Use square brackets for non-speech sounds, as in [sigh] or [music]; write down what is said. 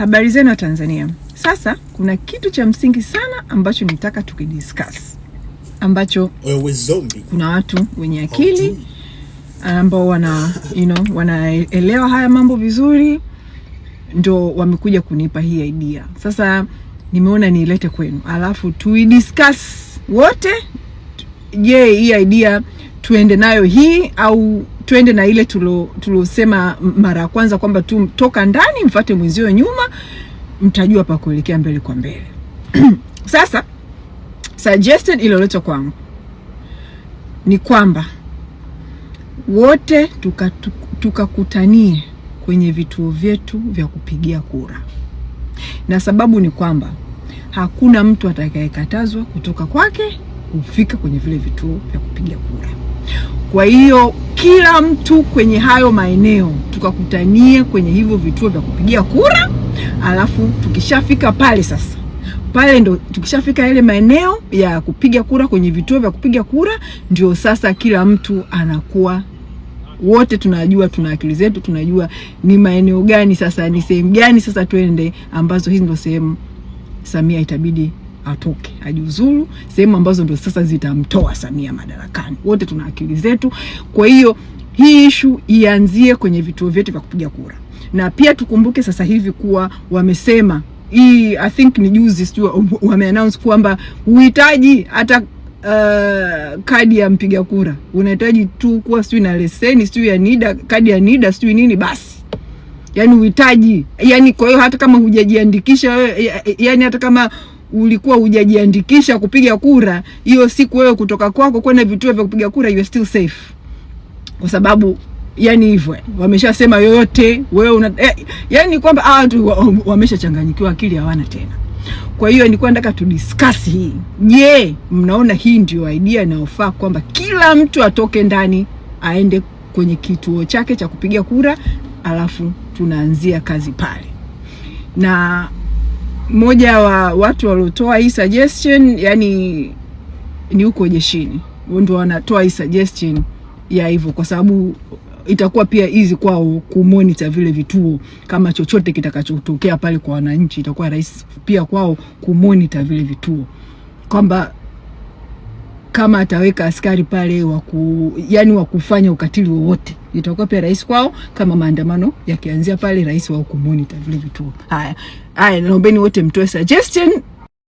Habari zenu Tanzania. Sasa kuna kitu cha msingi sana ambacho nitaka tukidiscuss, ambacho kuna watu wenye akili ambao wana you know, wanaelewa haya mambo vizuri ndo wamekuja kunipa hii idea. Sasa nimeona niilete kwenu, alafu tuidiscuss wote. Je, hii idea tuende nayo hii au twende na ile tuliosema mara ya kwanza kwamba tu toka ndani mfate mwenzio nyuma, mtajua pa kuelekea mbele kwa mbele. [clears throat] Sasa suggestion iliyoletwa kwangu ni kwamba wote tukakutanie tuka kwenye vituo vyetu vya kupigia kura, na sababu ni kwamba hakuna mtu atakayekatazwa kutoka kwake kufika kwenye vile vituo vya kupiga kura. Kwa hiyo kila mtu kwenye hayo maeneo tukakutanie kwenye hivyo vituo vya kupigia kura, alafu tukishafika pale sasa pale ndo tukishafika yale maeneo ya kupiga kura kwenye vituo vya kupiga kura, ndio sasa kila mtu anakuwa, wote tunajua, tuna akili zetu, tunajua ni maeneo gani sasa, ni sehemu gani sasa twende, ambazo hizi ndo sehemu Samia itabidi atoke ajiuzuru sehemu ambazo ndo sasa zitamtoa Samia madarakani. Wote tuna akili zetu. Kwa hiyo hii ishu ianzie kwenye vituo vyetu vya kupiga kura, na pia tukumbuke sasa hivi kuwa wamesema hii, I think ni juzi, sijui announce kwamba uhitaji hata Uh, kadi ya mpiga kura unahitaji tu kuwa sijui na leseni sijui ya NIDA, kadi ya NIDA sijui nini, basi yani uhitaji yaani, Kwa hiyo hata kama hujajiandikisha wewe, yani hata kama ulikuwa hujajiandikisha kupiga kura hiyo siku, wewe kutoka kwako kwenda vituo vya kupiga kura, you are still safe, kwa sababu yani hivyo wameshasema yoyote wewe una eh, yani kwamba hawa watu wameshachanganyikiwa akili hawana tena. Kwa hiyo nilikuwa nataka tu discuss hii. Je, mnaona hii ndio idea inayofaa kwamba kila mtu atoke ndani aende kwenye kituo chake cha kupiga kura, alafu tunaanzia kazi pale na mmoja wa watu waliotoa hii suggestion yani ni huko jeshini, ndio wanatoa hii suggestion ya hivyo, kwa sababu itakuwa pia hizi kwao kumonitor vile vituo, kama chochote kitakachotokea pale kwa wananchi, itakuwa rahisi pia kwao kumonitor vile vituo, kwamba kama ataweka askari pale waku, yani wakufanya ukatili wowote itakuwa pia rahisi kwao kama maandamano yakianzia pale, rahisi wao kumonita vile vituo. Haya haya, naombeni wote mtoe suggestion.